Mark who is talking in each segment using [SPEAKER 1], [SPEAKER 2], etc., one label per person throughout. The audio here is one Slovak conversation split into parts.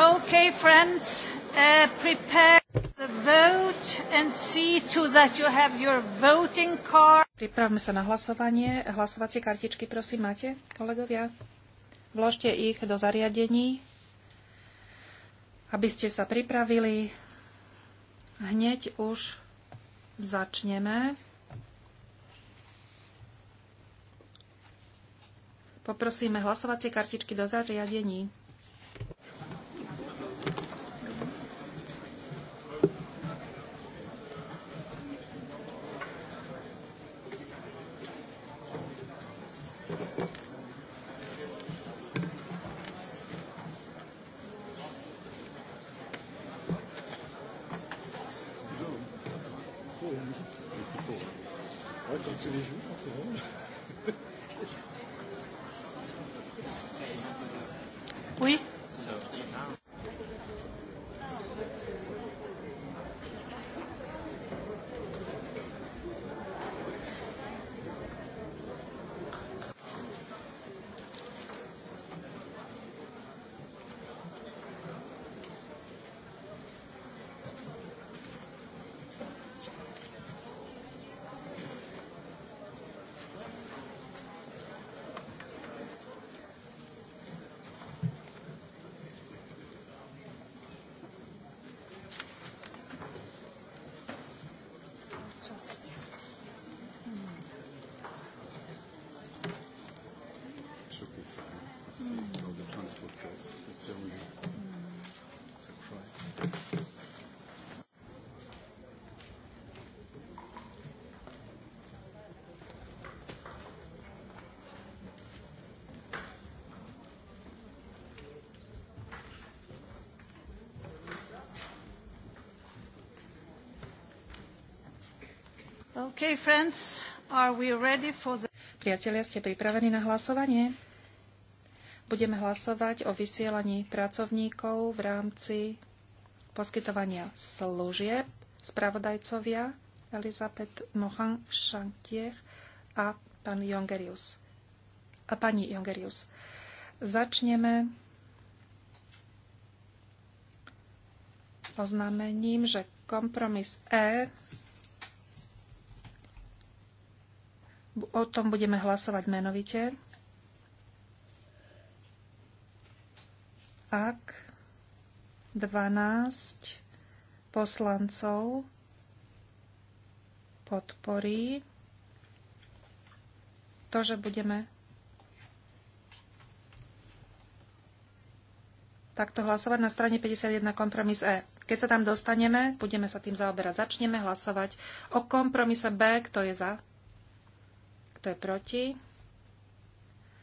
[SPEAKER 1] Okay, friends,
[SPEAKER 2] uh, prepare the vote and see to that you have your voting card. Pripravme sa na hlasovanie. Hlasovacie kartičky, prosím, máte, kolegovia? Vložte ich do zariadení, aby ste sa pripravili. Hneď už začneme. Poprosíme hlasovacie kartičky do zariadení. Okay, friends, are we ready for the... Priatelia, ste pripravení na hlasovanie? Budeme hlasovať o vysielaní pracovníkov v rámci poskytovania služieb. Spravodajcovia Elizabeth Mohan Šantiech a pán Jongerius. A pani Jongerius. Začneme oznámením, že kompromis E o tom budeme hlasovať menovite. Ak 12 poslancov podporí to, že budeme takto hlasovať na strane 51 kompromis E. Keď sa tam dostaneme, budeme sa tým zaoberať. Začneme hlasovať o kompromise B, kto je za, kto je proti?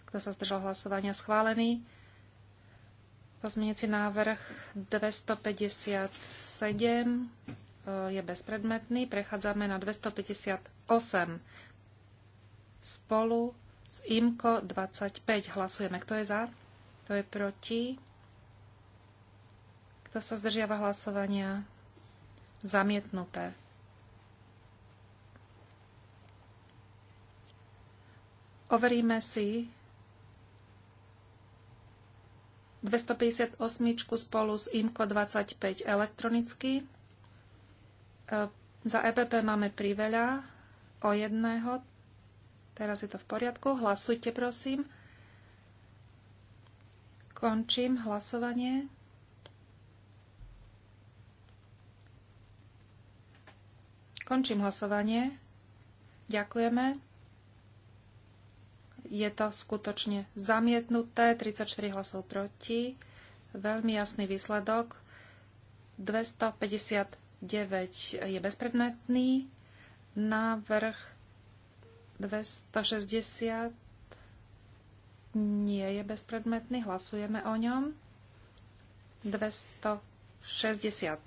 [SPEAKER 2] Kto sa zdržal hlasovania? Schválený. Pozmeniaci návrh 257 eh, je bezpredmetný. Prechádzame na 258 spolu s IMKO 25. Hlasujeme. Kto je za? Kto je proti? Kto sa zdržiava hlasovania? Zamietnuté. Overíme si 258 spolu s IMCO 25 elektronicky. E, za EPP máme priveľa o jedného. Teraz je to v poriadku. Hlasujte, prosím. Končím hlasovanie. Končím hlasovanie. Ďakujeme je to skutočne zamietnuté, 34 hlasov proti, veľmi jasný výsledok, 259 je bezpredmetný, návrh 260 nie je bezpredmetný, hlasujeme o ňom, 260.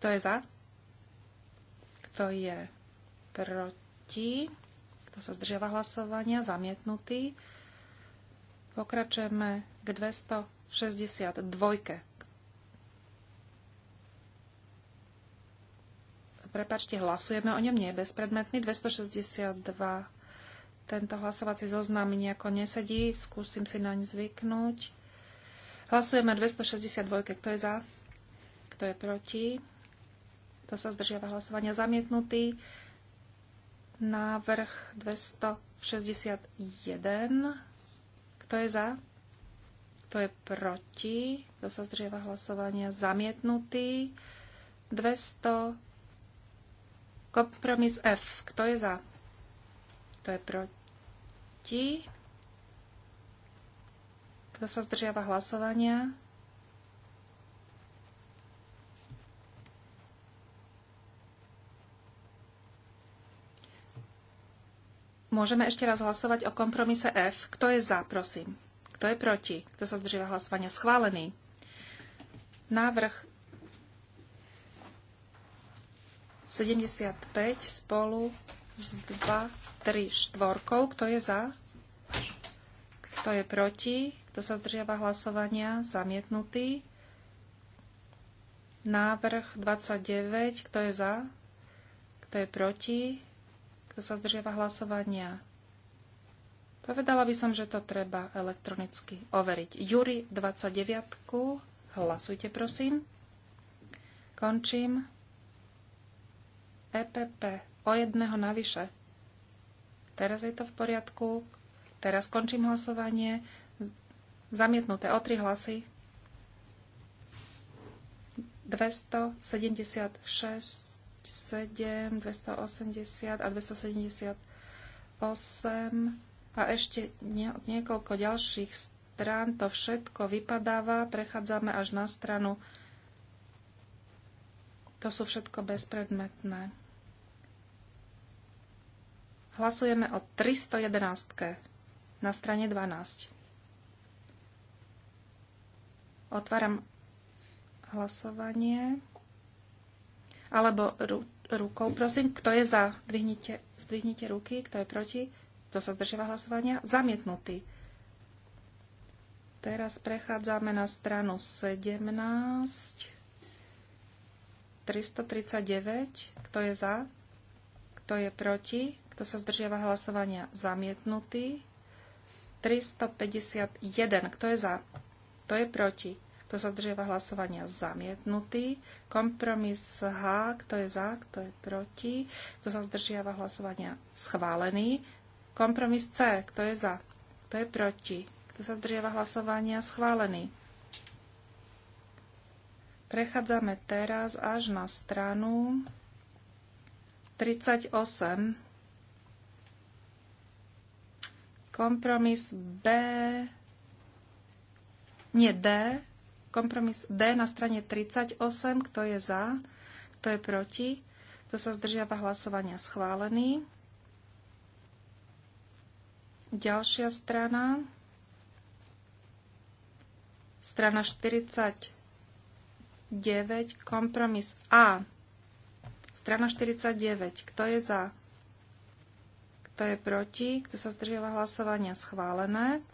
[SPEAKER 2] Kto je za? Kto je proti? proti, kto sa zdržiava hlasovania, zamietnutý. Pokračujeme k 262. Prepačte, hlasujeme o ňom, nie je bezpredmetný. 262. Tento hlasovací zoznam mi nejako nesedí, skúsim si naň zvyknúť. Hlasujeme 262. Kto je za? Kto je proti? Kto sa zdržiava hlasovania? Zamietnutý. Návrh 261. Kto je za? Kto je proti? Kto sa zdrieva hlasovania? Zamietnutý. 200. Kompromis F. Kto je za? Kto je proti? Kto sa zdržiava hlasovania? môžeme ešte raz hlasovať o kompromise F. Kto je za, prosím? Kto je proti? Kto sa zdržíva hlasovania? Schválený. Návrh 75 spolu s 2, 3, 4. Kto je za? Kto je proti? Kto sa zdržiava hlasovania? Zamietnutý. Návrh 29. Kto je za? Kto je proti? Kto sa zdržiava hlasovania? Povedala by som, že to treba elektronicky overiť. Juri 29. Hlasujte, prosím. Končím. EPP. O jedného navyše. Teraz je to v poriadku. Teraz končím hlasovanie. Zamietnuté o tri hlasy. 276 280 a 278 a ešte niekoľko ďalších strán. To všetko vypadáva. Prechádzame až na stranu. To sú všetko bezpredmetné. Hlasujeme o 311. na strane 12. Otváram hlasovanie alebo ru, rukou, prosím. Kto je za? Dvihnite, zdvihnite ruky. Kto je proti? Kto sa zdržiava hlasovania? Zamietnutý. Teraz prechádzame na stranu 17. 339. Kto je za? Kto je proti? Kto sa zdržiava hlasovania? Zamietnutý. 351. Kto je za? Kto je proti? Kto sa zdržiava hlasovania? Zamietnutý. Kompromis H. Kto je za? Kto je proti? Kto sa zdržiava hlasovania? Schválený. Kompromis C. Kto je za? Kto je proti? Kto sa zdržiava hlasovania? Schválený. Prechádzame teraz až na stranu 38. Kompromis B. Nie D Kompromis D na strane 38, kto je za, kto je proti, kto sa zdržiava hlasovania schválený. Ďalšia strana, strana 49, kompromis A. Strana 49, kto je za, kto je proti, kto sa zdržiava hlasovania schválené.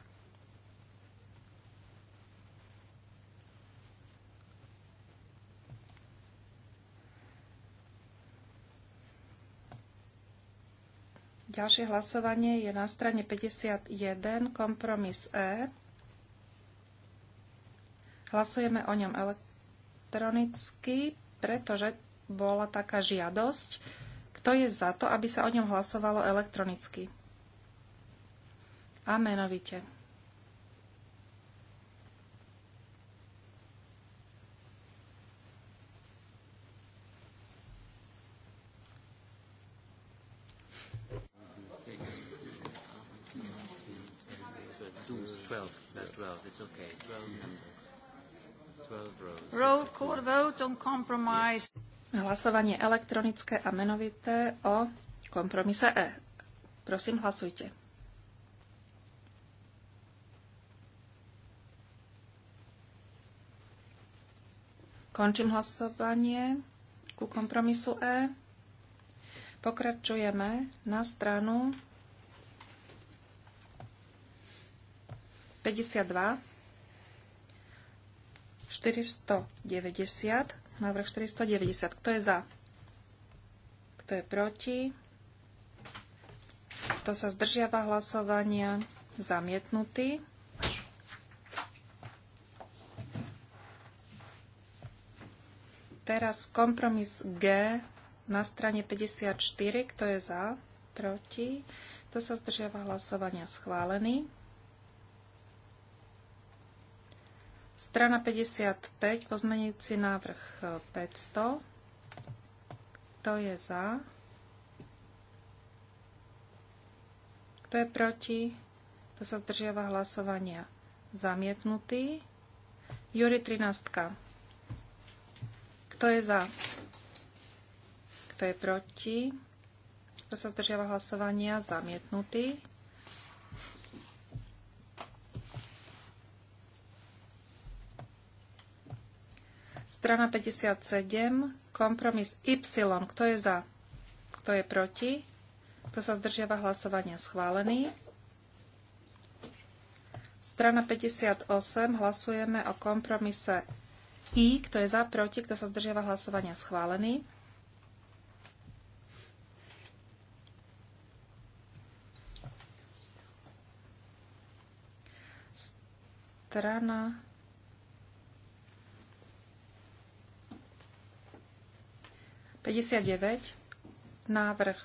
[SPEAKER 2] Ďalšie hlasovanie je na strane 51, kompromis E. Hlasujeme o ňom elektronicky, pretože bola taká žiadosť. Kto je za to, aby sa o ňom hlasovalo elektronicky? A menovite.
[SPEAKER 1] 12, it's okay.
[SPEAKER 2] 12 mm-hmm. Roll call vote on compromise. Hlasovanie elektronické a menovité o kompromise E. Prosím, hlasujte. Končím hlasovanie ku kompromisu E. Pokračujeme na stranu 52, 490, návrh 490. Kto je za? Kto je proti? Kto sa zdržiava hlasovania? Zamietnutý. Teraz kompromis G na strane 54. Kto je za? Proti? Kto sa zdržiava hlasovania? Schválený. Strana 55, pozmenujúci návrh 500. E, Kto je za? Kto je proti? Kto sa zdržiava hlasovania? Zamietnutý. Juri 13. Kto je za? Kto je proti? Kto sa zdržiava hlasovania? Zamietnutý. Strana 57, kompromis Y. Kto je za? Kto je proti? Kto sa zdržiava hlasovania? Schválený. Strana 58, hlasujeme o kompromise I. Kto je za? Proti? Kto sa zdržiava hlasovania? Schválený. Strana 59, návrh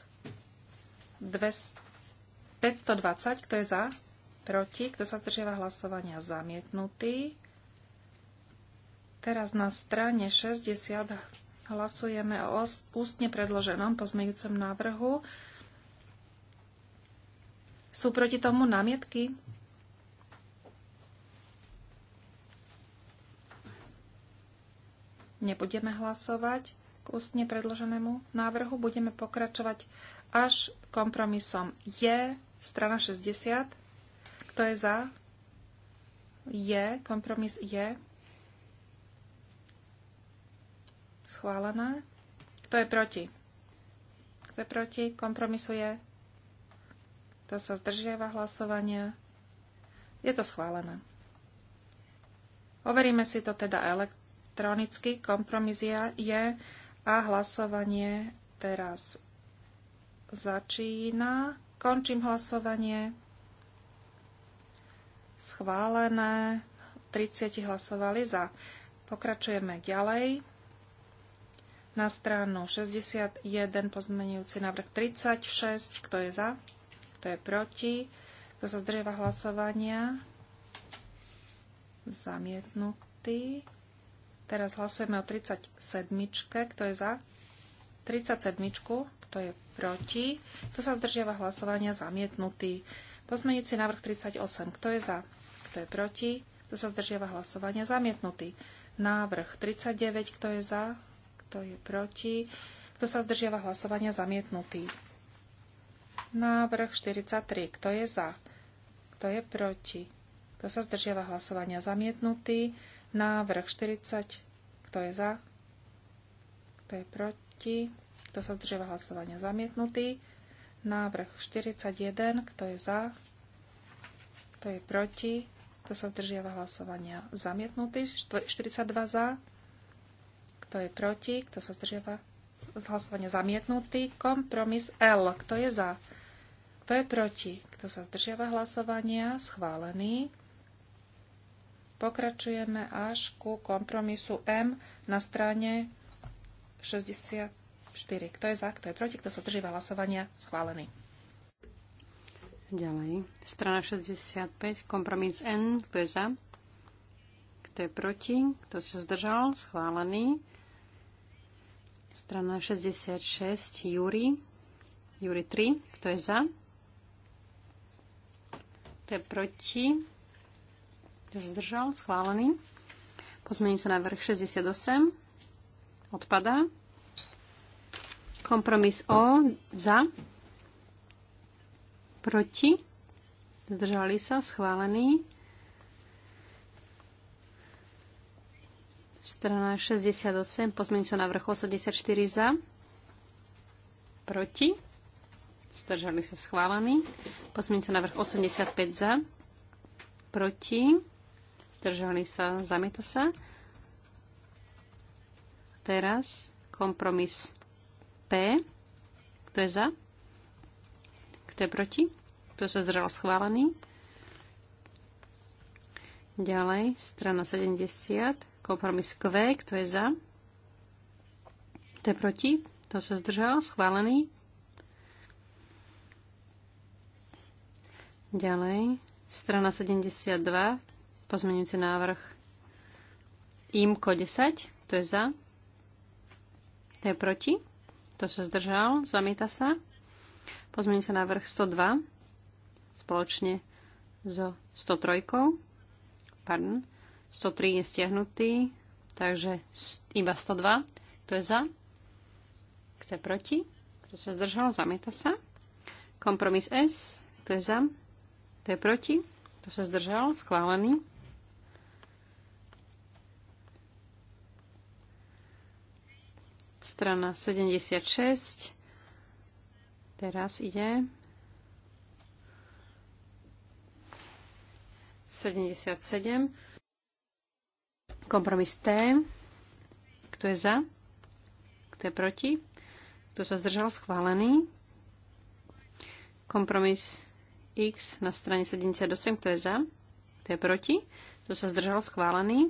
[SPEAKER 2] 520, kto je za, proti, kto sa zdržiava hlasovania, zamietnutý. Teraz na strane 60 hlasujeme o ústne predloženom pozmejúcom návrhu. Sú proti tomu námietky? Nebudeme hlasovať k ústne predloženému návrhu. Budeme pokračovať až kompromisom je strana 60. Kto je za? Je, kompromis je. Schválené. Kto je proti? Kto je proti? Kompromisu je. Kto sa zdržiava hlasovania? Je to schválené. Overíme si to teda elektronicky. Kompromis je. je a hlasovanie teraz začína. Končím hlasovanie. Schválené. 30 hlasovali za. Pokračujeme ďalej. Na stranu 61 pozmenujúci návrh 36. Kto je za? Kto je proti? Kto sa zdrieva hlasovania? Zamietnutý. Teraz hlasujeme o 37. Kto je za? 37. Kto je proti? Kto sa zdržiava hlasovania? Zamietnutý. Pozmeňujúci návrh 38. Kto je za? Kto je proti? Kto sa zdržiava hlasovania? Zamietnutý. Návrh 39. Kto je za? Kto je proti? Kto sa zdržiava hlasovania? Zamietnutý. Návrh 43. Kto je za? Kto je proti? Kto sa zdržiava hlasovania? Zamietnutý. Návrh 40. Kto je za? Kto je proti? Kto sa zdržiava hlasovania? Zamietnutý. Návrh 41. Kto je za? Kto je proti? Kto sa zdržiava hlasovania? Zamietnutý. 42 za. Kto je proti? Kto sa zdržiava hlasovania? Zamietnutý. Kompromis L. Kto je za? Kto je proti? Kto sa zdržiava hlasovania? Schválený. Pokračujeme až ku kompromisu M na strane 64. Kto je za, kto je proti, kto sa drží hlasovania, schválený.
[SPEAKER 1] Ďalej. Strana 65, kompromis N, kto je za, kto je proti, kto sa zdržal, schválený. Strana 66, Júri, Júri 3, kto je za, kto je proti, kto sa zdržal? Schválený. na vrch 68 odpadá. Kompromis O za. Proti. Zdržali sa. Schválený. Strana 68. na vrch 84 za. Proti. Zdržali sa. Schválený. na vrch 85 za. Proti zdržali sa, zamieta sa. Teraz kompromis P. Kto je za? Kto je proti? Kto sa zdržal schválený? Ďalej, strana 70, kompromis Q, kto je za? Kto je proti? Kto sa zdržal? Schválený. Ďalej, strana 72, Pozmeňujúci návrh IMKO 10, to je za. To je proti. To sa zdržal, zamieta sa. Pozmeňujúci návrh 102 spoločne so 103. Pardon. 103 je stiahnutý, takže iba 102. to je za? Kto je proti? Kto sa zdržal? Zamieta sa. Kompromis S. To je za? Kto je proti? Kto sa zdržal? Schválený. strana 76. Teraz ide. 77. Kompromis T. Kto je za? Kto je proti? Kto sa zdržal? Schválený. Kompromis X na strane 78. Kto je za? Kto je proti? Kto sa zdržal? Schválený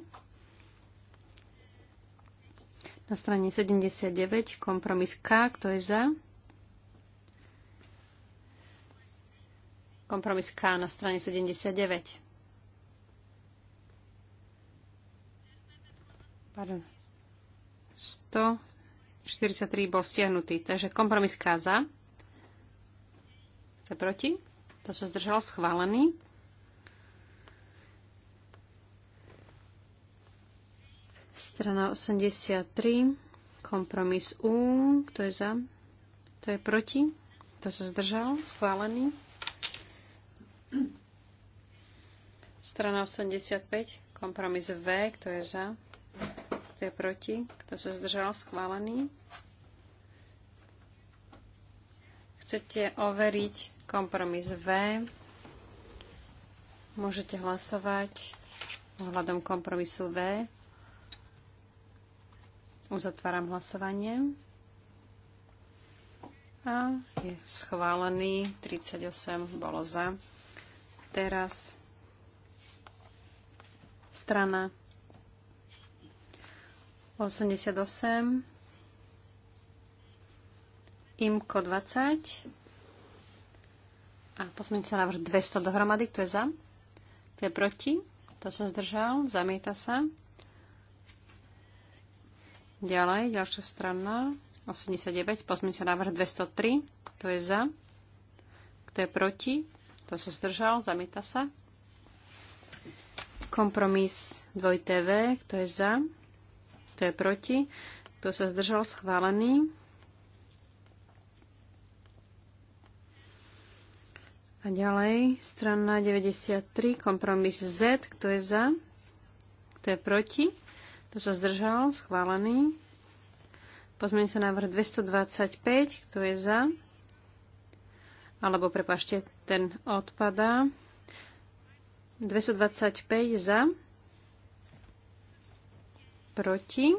[SPEAKER 1] na strane 79, kompromis K, kto je za. Kompromis K na strane 79. Pardon. 143 bol stiahnutý. Takže kompromis K za. Kto je proti? To sa zdržalo schválený. Strana 83, kompromis U, kto je za, kto je proti, kto sa zdržal, schválený. Strana 85, kompromis V, kto je za, kto je proti, kto sa zdržal, schválený. Chcete overiť kompromis V, môžete hlasovať ohľadom kompromisu V. Uzatváram hlasovanie. A je schválený. 38 bolo za. Teraz strana 88. IMKO 20 a sa návrh 200 dohromady, kto je za, kto je proti, kto sa zdržal, zamieta sa. Ďalej, ďalšia strana, 89, sa návrh 203, kto je za, kto je proti, kto sa zdržal, zamieta sa. Kompromis 2TV, kto je za, kto je proti, kto sa zdržal, schválený. A ďalej, strana 93, kompromis Z, kto je za, kto je proti, kto sa zdržal? Schválený. Pozmeň sa návrh 225. Kto je za? Alebo, prepašte, ten odpadá. 225 za. Proti.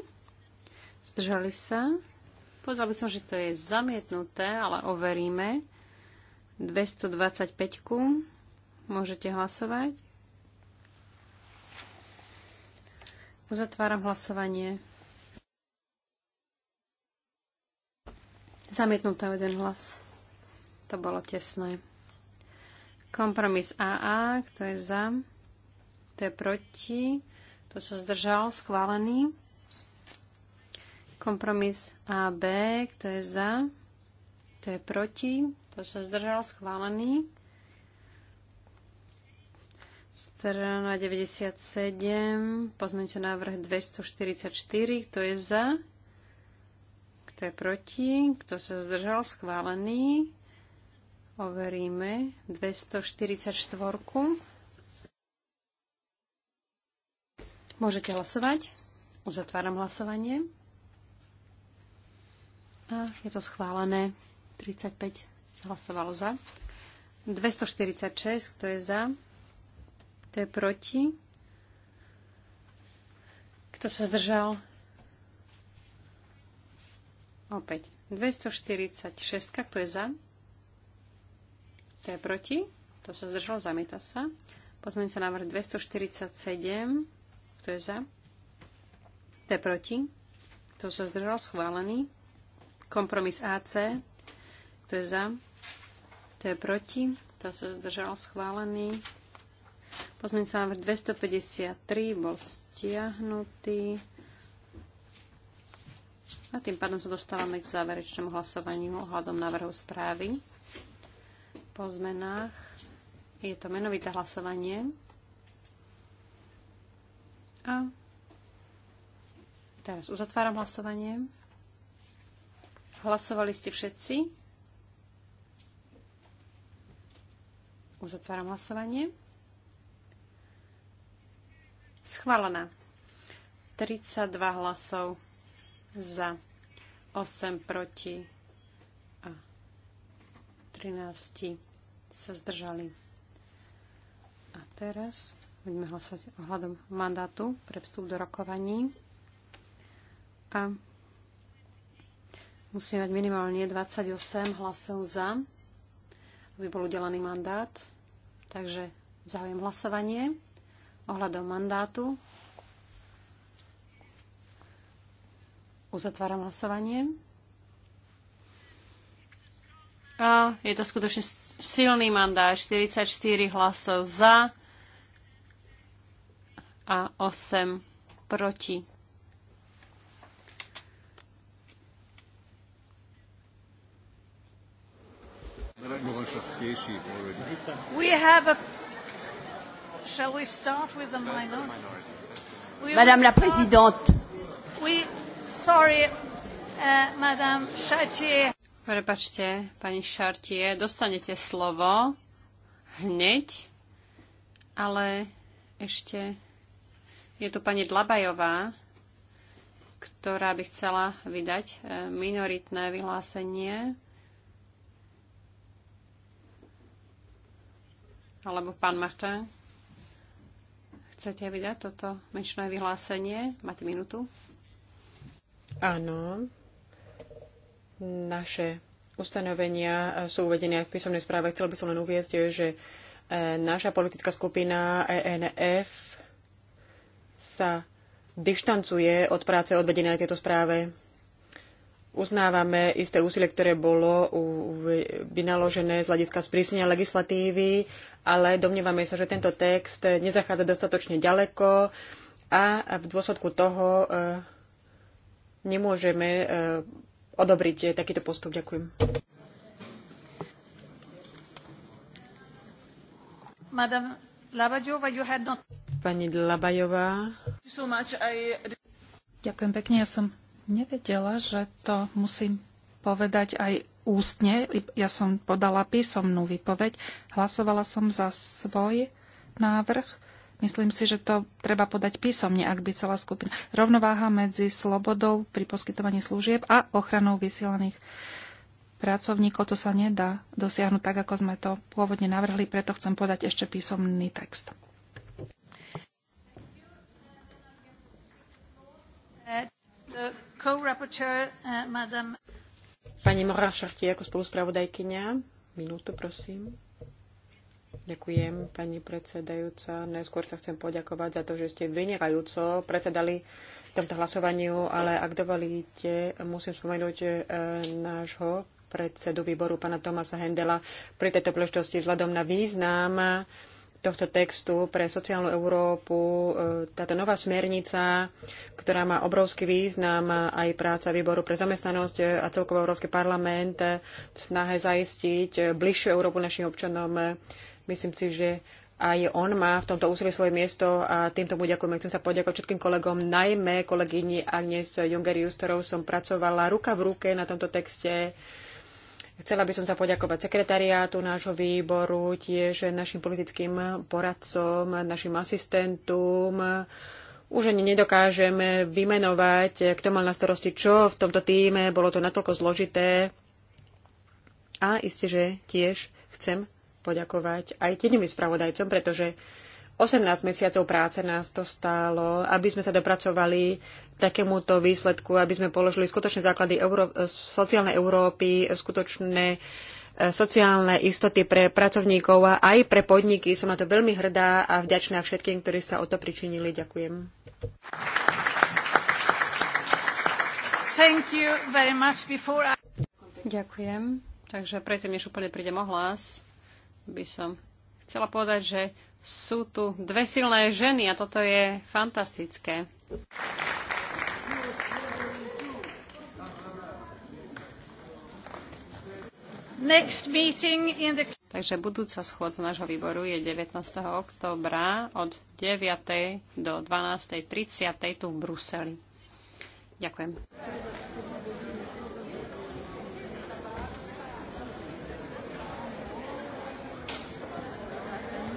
[SPEAKER 1] Zdržali sa. Povedal by som, že to je zamietnuté, ale overíme. 225. -ku. Môžete hlasovať. Uzatváram hlasovanie. Zamietnutá jeden hlas. To bolo tesné. Kompromis AA, kto je za, kto je proti, kto sa zdržal, schválený. Kompromis AB, kto je za, kto je proti, kto sa zdržal, schválený. Strana 97, pozmeňte návrh 244, kto je za, kto je proti, kto sa zdržal, schválený. Overíme 244. Môžete hlasovať. Uzatváram hlasovanie. A je to schválené. 35 hlasovalo za. 246, kto je za, kto je proti? Kto sa zdržal? Opäť. 246. Kto je za? Kto je proti? Kto sa zdržal? Zamieta sa. Pozmeň sa návrh 247. Kto je za? Kto je proti? Kto sa zdržal? Schválený. Kompromis AC. Kto je za? Kto je proti? Kto sa zdržal? Schválený. Pozmeňujúci návrh 253 bol stiahnutý. A tým pádom sa dostávame k záverečnému hlasovaniu ohľadom návrhu správy. Po zmenách je to menovité hlasovanie. A teraz uzatváram hlasovanie. Hlasovali ste všetci. Uzatváram hlasovanie. Schválené. 32 hlasov za, 8 proti a 13 sa zdržali. A teraz budeme hlasovať ohľadom mandátu pre vstup do rokovaní. A musíme mať minimálne 28 hlasov za, aby bol udelený mandát. Takže zahujem hlasovanie ohľadom mandátu. Uzatváram hlasovanie. A je to skutočne silný mandát. 44 hlasov za a 8 proti. We have a Madame la Présidente. Oui, sorry, uh, Madame Chartier. Prepačte, pani Chartier, dostanete slovo hneď, ale ešte je tu pani Dlabajová, ktorá by chcela vydať eh, minoritné vyhlásenie. Alebo pán Martin. Chcete vydať toto menšinové vyhlásenie? Máte minútu?
[SPEAKER 3] Áno. Naše ustanovenia eh, sú uvedené aj v písomnej správe. Chcel by som len uviezť, eh, že eh, naša politická skupina ENF sa dištancuje od práce odvedenej na tejto správe uznávame isté úsilie, ktoré bolo vynaložené z hľadiska sprísnenia legislatívy, ale domnievame sa, že tento text nezachádza dostatočne ďaleko a v dôsledku toho e, nemôžeme e, odobriť takýto postup. Ďakujem. Pani
[SPEAKER 2] Ďakujem pekne, ja som nevedela, že to musím povedať aj ústne. Ja som podala písomnú výpoveď. Hlasovala som za svoj návrh. Myslím si, že to treba podať písomne, ak by celá skupina. Rovnováha medzi slobodou pri poskytovaní služieb a ochranou vysielaných pracovníkov. To sa nedá dosiahnuť tak, ako sme to pôvodne navrhli, preto chcem podať ešte písomný text.
[SPEAKER 1] Uh, Uh,
[SPEAKER 2] pani Mora
[SPEAKER 3] Šachtie ako spoluspravodajkynia. Minútu, prosím. Ďakujem, pani predsedajúca. Najskôr sa chcem poďakovať za to, že ste vynikajúco predsedali tomto hlasovaniu, ale ak dovolíte, musím spomenúť e, nášho predsedu výboru, pána Tomasa Hendela, pri tejto príležitosti vzhľadom na význam tohto textu pre sociálnu Európu, e, táto nová smernica, ktorá má obrovský význam, aj práca výboru pre zamestnanosť a celkovo Európsky parlament v snahe zaistiť bližšiu Európu našim občanom. Myslím si, že aj on má v tomto úsilí svoje miesto a týmto mu ďakujem. Chcem sa poďakovať všetkým kolegom, najmä kolegyni Agnes Jungerius, s ktorou som pracovala ruka v ruke na tomto texte Chcela by som sa poďakovať sekretariátu nášho výboru, tiež našim politickým poradcom, našim asistentom. Už ani nedokážem vymenovať, eh, kto mal na starosti čo v tomto týme. Bolo to natoľko zložité. A isté, že tiež chcem poďakovať aj tieňovým spravodajcom, pretože 18 mesiacov práce nás to stálo, aby sme sa dopracovali takémuto výsledku, aby sme položili skutočné základy Euró- e, sociálnej Európy, skutočné e, sociálne istoty pre pracovníkov a aj pre podniky. Som na to veľmi hrdá a vďačná všetkým, ktorí sa o to pričinili. Ďakujem.
[SPEAKER 1] I... Ďakujem. Takže predtým, než úplne prídem ohlas, by som chcela povedať, že sú tu dve silné ženy a toto je fantastické. The... Takže budúca schôdza nášho výboru je 19. oktobra od 9. do 12.30 tu v Bruseli. Ďakujem.